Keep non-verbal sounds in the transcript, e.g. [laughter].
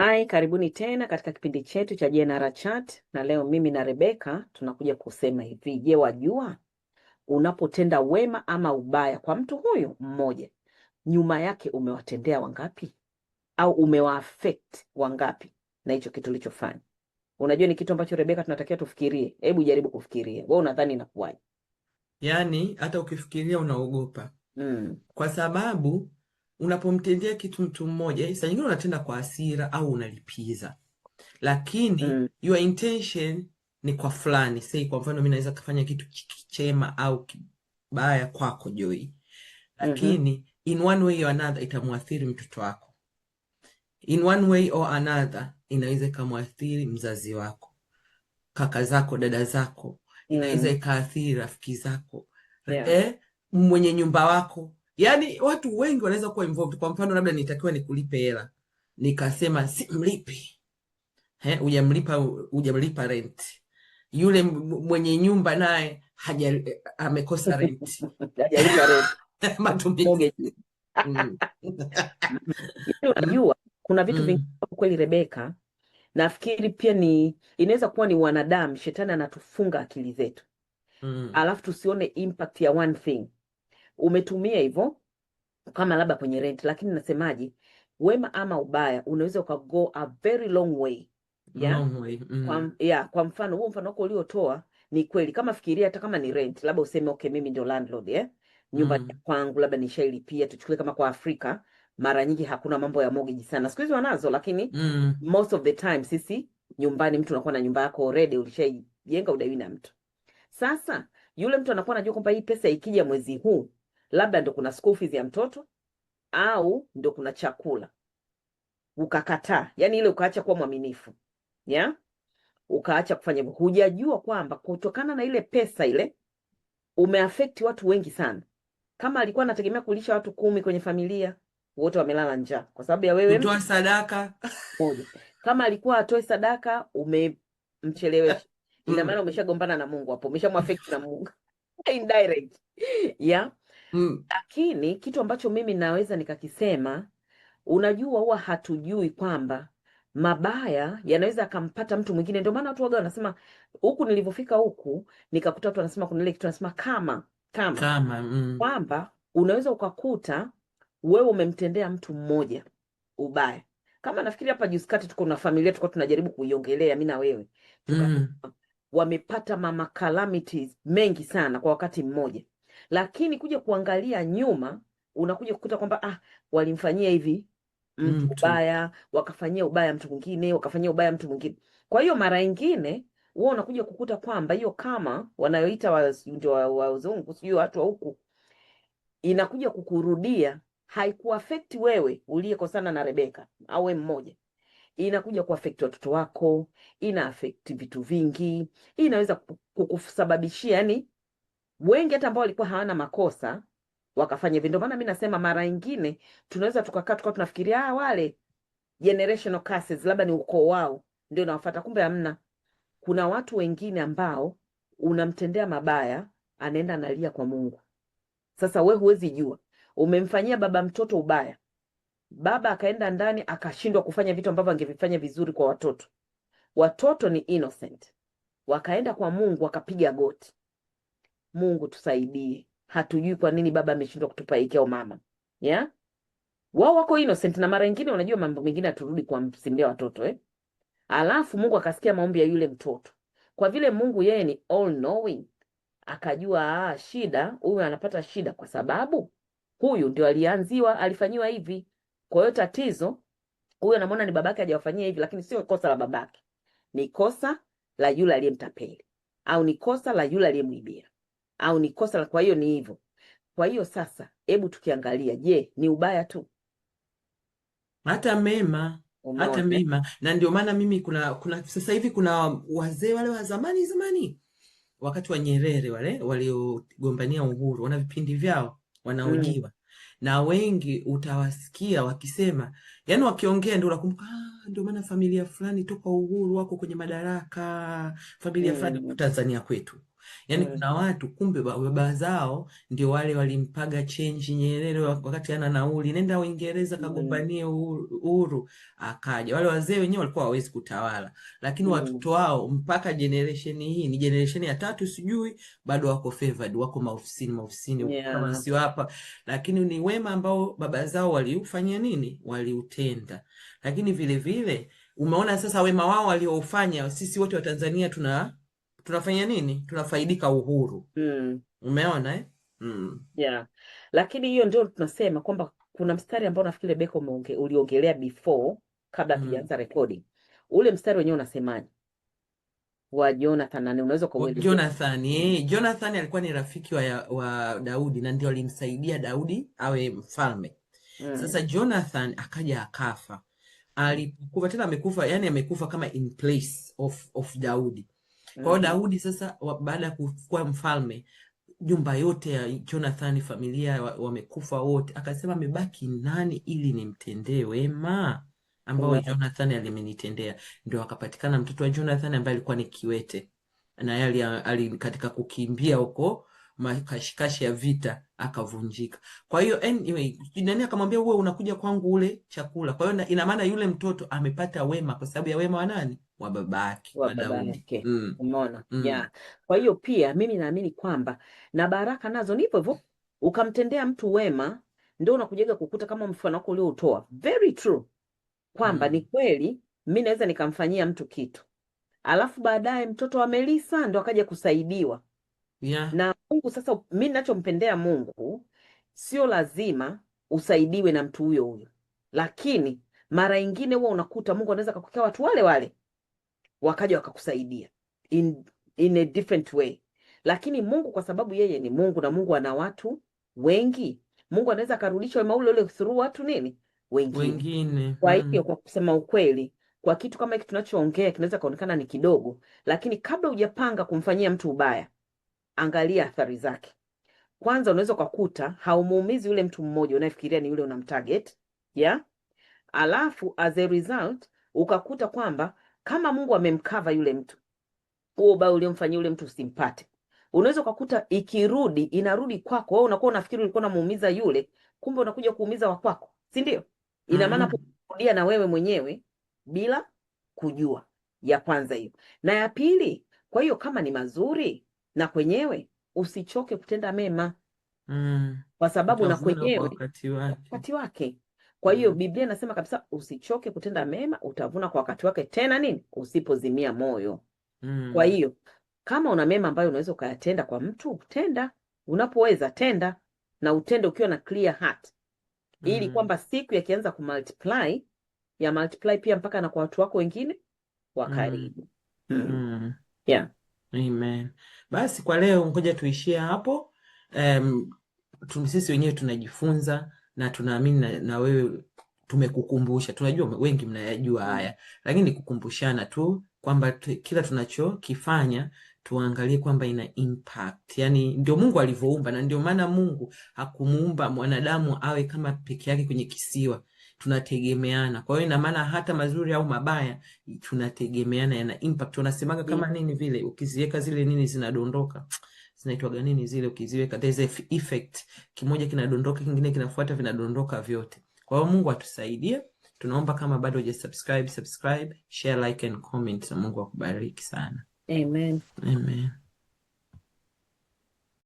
Hai, karibuni tena katika kipindi chetu cha General Chat, na leo mimi na Rebeka tunakuja kusema hivi. Je, wajua unapotenda wema ama ubaya kwa mtu huyu mmoja, nyuma yake umewatendea wangapi au umewaaffect wangapi na hicho kitu ulichofanya? Unajua ni kitu ambacho Rebeka tunatakiwa tufikirie. Hebu jaribu kufikiria, wewe unadhani inakuwaje? Yaani hata ukifikiria unaogopa mm. kwa sababu unapomtendea kitu mtu mmoja, saa nyingine unatenda kwa asira au unalipiza, lakini mm. your intention ni kwa fulani. Sei, kwa mfano mi naweza kafanya kitu kichema au kibaya kwako joi lakini mm -hmm. in one way or another itamwathiri mtoto wako, in one way or another inaweza ikamwathiri mzazi wako, kaka zako, dada zako, inaweza mm. ikaathiri rafiki zako yeah. eh, mwenye nyumba wako yani watu wengi wanaweza kuwa involved. Kwa mfano, labda nitakiwa nikulipe hela, nikasema simlipi, He, ujamlipa ujamlipa rent. Yule mwenye nyumba naye haja eh, amekosa rent, [laughs] hajalipa rent, [laughs] mm. [laughs] Unajua kuna vitu vingi mm. kweli, Rebeka, nafikiri pia ni inaweza kuwa ni wanadamu, shetani anatufunga akili zetu mm. Alafu tusione impact ya one thing umetumia hivyo kama labda kwenye rent, lakini nasemaje, wema ama ubaya unaweza uka go a very long way yeah? long way. Mm. Kwa, yeah, kwa mfano huo mfano wako uliotoa ni kweli, kama fikiria hata kama ni rent, labda useme okay, mimi ndio landlord eh? nyumba mm. kwangu labda nishailipia. Tuchukue kama kwa Afrika mara nyingi hakuna mambo ya mortgage sana, siku hizi wanazo, lakini mm. most of the time sisi nyumbani, mtu unakuwa na nyumba yako already, ulishajenga udaiwi na mtu. Sasa yule mtu anakuwa anajua kwamba hii pesa ikija mwezi huu labda ndo kuna school fees ya mtoto au ndo kuna chakula, ukakataa, yani ile ukaacha kuwa mwaminifu yeah? ukaacha kufanya, hujajua kwamba kutokana na ile pesa ile umeafekti watu wengi sana. Kama alikuwa anategemea kulisha watu kumi kwenye familia, wote wamelala njaa kwa sababu ya wewe kutoa sadaka. Kama alikuwa atoe sadaka, umemchelewesha. Ina mm. maana umeshagombana na Mungu hapo, umeshamwafekti na Mungu [laughs] indirect ya yeah. Mm. Lakini kitu ambacho mimi naweza nikakisema, unajua huwa hatujui kwamba mabaya yanaweza akampata mtu mwingine. Ndio maana watu waga wanasema huku nilivyofika huku nikakuta watu wanasema kuna ile kitu anasema kama kama, kama mm. kwamba unaweza ukakuta wewe umemtendea mtu mmoja ubaya. Kama nafikiri hapa juzi kati tuko na familia tulikuwa tunajaribu kuiongelea mimi na wewe mm. wamepata mama calamities mengi sana kwa wakati mmoja lakini kuja kuangalia nyuma unakuja kukuta kwamba ah, walimfanyia hivi mtu mm, ubaya, wakafanyia ubaya mtu mwingine, wakafanyia ubaya mtu mwingine. Kwa hiyo mara nyingine wewe unakuja kukuta kwamba hiyo kama wanayoita wazungu wa sijui watu wa huku inakuja kukurudia, haikuafekti wewe uliyekosana na Rebeka au wewe mmoja inakuja kuafekti watoto wako, ina vitu vingi, inaweza kukusababishia yani wengi hata ambao walikuwa hawana makosa wakafanya hivyo. maana mimi nasema mara nyingine tunaweza tukakaa tukawa tunafikiria ah, wale generational curses labda ni ukoo wao ndio nawafuata, kumbe hamna. Kuna watu wengine ambao unamtendea mabaya anaenda analia kwa Mungu. Sasa we huwezi jua umemfanyia baba mtoto ubaya, baba akaenda ndani akashindwa kufanya vitu ambavyo angevifanya vizuri kwa watoto. Watoto ni innocent, wakaenda kwa Mungu wakapiga goti Mungu tusaidie, hatujui kwa nini baba ameshindwa kutupa hiki au mama yeah? Wao wako innocent na mara nyingine, unajua mambo mengine aturudi kwa msimbia watoto eh? Alafu Mungu akasikia maombi ya yule mtoto, kwa vile Mungu yeye ni all knowing, akajua ah, shida huyu anapata shida kwa sababu huyu ndio alianziwa, alifanyiwa hivi. Kwa hiyo tatizo huyu anamwona ni babake hajawafanyia hivi, lakini sio kosa la babake, ni kosa la yule aliyemtapeli au ni kosa la yule aliyemwibia au ni kosa la, kwa hiyo ni hivyo. Kwa hiyo sasa, hebu tukiangalia, je, ni ubaya tu? Hata mema Umeone. Hata mema, na ndio maana mimi kuna kuna sasa hivi kuna wazee wale wa zamani zamani, wakati wa Nyerere wale waliogombania uhuru, wana vipindi vyao wanaojiwa mm. na wengi utawasikia wakisema, yani wakiongea ndio unakumbuka, ah, ndio maana familia fulani toka uhuru wako kwenye madaraka, familia mm. fulani Tanzania kwetu Yaani mm. kuna watu kumbe baba zao ndio wale walimpaga chenji Nyerere wakati ana nauli, nenda Uingereza mm. kagombanie uhuru, uhuru akaja. Wale wazee wenyewe walikuwa hawezi kutawala, lakini mm. watoto wao mpaka generation hii ni generation ya tatu, sijui bado wako favored, wako maofisini maofisini, yeah. kama sio hapa, lakini ni wema ambao baba zao waliufanya nini, waliutenda. Lakini vile vile umeona sasa wema wao walioufanya, sisi wote wa Tanzania tuna tunafanya nini? Tunafaidika uhuru. Mm. Umeona eh? Mm. Yeah. Lakini hiyo ndio tunasema kwamba kuna mstari ambao nafikiri Beko uliongelea before kabla hmm. hatujaanza mm. recording. Ule mstari wenyewe unasemaje? wa Jonathan nani unaweza Jonathan, eh, Jonathan alikuwa ni rafiki wa, wa Daudi na ndio alimsaidia Daudi awe mfalme. Mm. Sasa Jonathan akaja akafa. Alipokuwa tena amekufa, yani amekufa kama in place of of Daudi. Kwa hiyo mm. Daudi sasa, baada ya kuwa mfalme, nyumba yote ya Jonathan, familia wamekufa wa wote, akasema amebaki nani ili nimtendee wema ambao yeah. Jonathan alimenitendea. Ndio akapatikana mtoto wa Jonathan ambaye alikuwa ni kiwete, naye ali, ali katika kukimbia huko makashikashi ya vita akavunjika. Kwa hiyo anyway, nani akamwambia uwe unakuja kwangu ule chakula. Kwa hiyo ina maana yule mtoto amepata wema kwa sababu ya wema wa nani? wa babake wa babake yake mm. Umeona mm. Yeah. Kwa hiyo pia mimi naamini kwamba na baraka nazo ni hivyo hivyo, ukamtendea mtu wema ndio unakujaga kukuta kama mfano wako ulioutoa. Very true kwamba mm. ni kweli mi naweza nikamfanyia mtu kitu alafu baadaye mtoto wa Melisa ndo akaja kusaidiwa yeah. na Mungu. Sasa mi nachompendea Mungu, sio lazima usaidiwe na mtu huyo huyo, lakini mara ingine huwa unakuta Mungu anaweza kakukia watu wale wale wakaja wakakusaidia in, in a different way, lakini Mungu kwa sababu yeye ni Mungu na Mungu ana watu wengi, Mungu anaweza akarudisha wema ule ule through watu nini wengine, wengine. Kwa hmm. hiyo kwa kusema ukweli kwa kitu kama hiki tunachoongea kinaweza kaonekana ni kidogo, lakini kabla hujapanga kumfanyia mtu ubaya, angalia athari zake kwanza. Unaweza ukakuta haumuumizi yule mtu mmoja unayefikiria ni yule unamtarget, yeah? Alafu as a result ukakuta kwamba kama Mungu amemkava yule mtu, huo ubaya uliomfanyia yule mtu usimpate. Unaweza ukakuta ikirudi inarudi kwako, wewe unakuwa unafikiri ulikuwa unamuumiza yule, kumbe unakuja kuumiza wa kwako, si ndio? Ina maana mm -hmm. kurudia na wewe mwenyewe bila kujua. Ya kwanza hiyo, na ya pili, kwa hiyo kama ni mazuri na kwenyewe usichoke kutenda mema mm. kwa sababu na kwenyewe wakati wake, wakati wake. Kwa hiyo mm-hmm. Biblia inasema kabisa usichoke kutenda mema, utavuna kwa wakati wake, tena nini, usipozimia moyo. Mm. Kwa hiyo kama una mema ambayo unaweza ukayatenda kwa mtu, tenda unapoweza, tenda na utende ukiwa na clear heart, ili mm. hmm kwamba siku yakianza kumultiply ya multiply pia mpaka na kwa watu wako wengine wa mm. karibu. mm. mm. yeah. Amen. Basi kwa leo ngoja tuishie hapo. Um, sisi wenyewe tunajifunza na tunaamini na, na wewe tumekukumbusha, tunajua wengi mnayajua mm. haya, lakini ni kukumbushana tu kwamba kila tunachokifanya tuangalie kwamba ina impact. Yani ndio Mungu alivyoumba, na ndio maana Mungu hakumuumba mwanadamu awe kama peke yake kwenye kisiwa. Tunategemeana, kwa hiyo ina maana hata mazuri au mabaya tunategemeana, yana impact. Unasemaga kama mm. nini vile, ukiziweka zile nini zinadondoka zinaitwaga nini zile, ukiziweka there's a effect, kimoja kinadondoka kingine kinafuata, vinadondoka vyote. Kwa hiyo Mungu atusaidie. Tunaomba kama bado hujasubscribe, subscribe, share, like and comment, na Mungu akubariki sana. Amen. Amen.